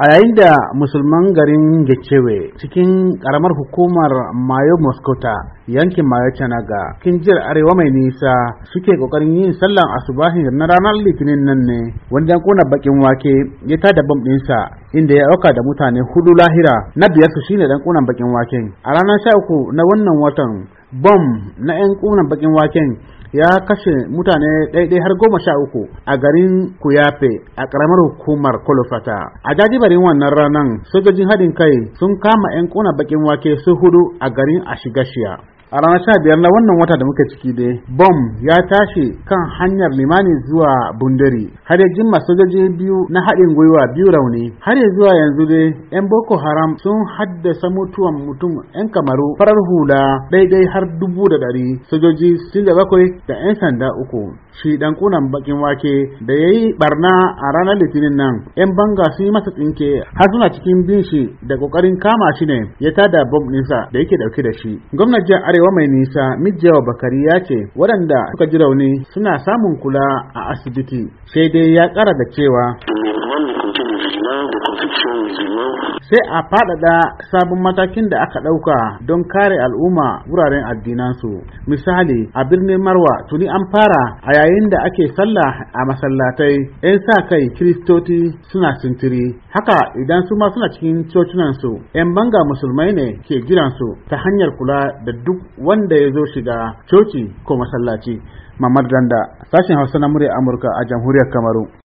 a yayin da musulman garin gecewe cikin karamar hukumar mayo moscota yankin mayo canaga cikin jihar arewa mai nisa suke kokarin yin sallan asubahin na ranar litinin nan ne wanda kuna bakin wake ya ta da bam ɗinsa inda ya auka da mutane hudu lahira na biyar su shine dan kunan bakin waken a ranar sha uku na wannan watan bom na 'yan kunan bakin waken ya kashe mutane ɗaiɗai har goma sha uku a garin kuyafe a ƙaramar hukumar kolofata a jajibarin wannan ranar sojojin haɗin kai sun kama 'yan kuna bakin wake su hudu a garin ashigashiya a ranar sha biyar na wannan wata da muka ciki dai bom ya tashi kan hanyar limani zuwa bundari har ya jimma sojoji biyu na haɗin gwiwa biyu rauni har ya zuwa yanzu dai yan boko haram sun haddasa mutuwan mutum yan kamaru farar hula daidai har dubu da ɗari sojoji sun da bakwai da yan sanda uku shi dan kunan bakin wake da ya yi barna a ranar litinin nan yan banga sun yi masa tsinke har suna cikin bin shi da kokarin kama shi ne ya tada bom ɗinsa da yake dauke da shi gwamnan jihar arewa mai nisa mijiyawa bakari ya ce waɗanda suka ji rauni suna samun kula a asibiti sai dai ya ƙara da cewa Sai a faɗaɗa sabon matakin da aka ɗauka don kare al'umma wuraren addinansu. Misali, a birnin Marwa tuni an fara a yayin da ake sallah a masallatai, 'yan sa kai Kiristoti suna sintiri. Haka idan su ma suna cikin cocinansu, 'yan banga musulmai ne ke jiransu ta hanyar kula da duk wanda ya zo shiga coci ko masallaci. Mamad Danda, sashen Hausa na murya Amurka a jamhuriyar Kamaru.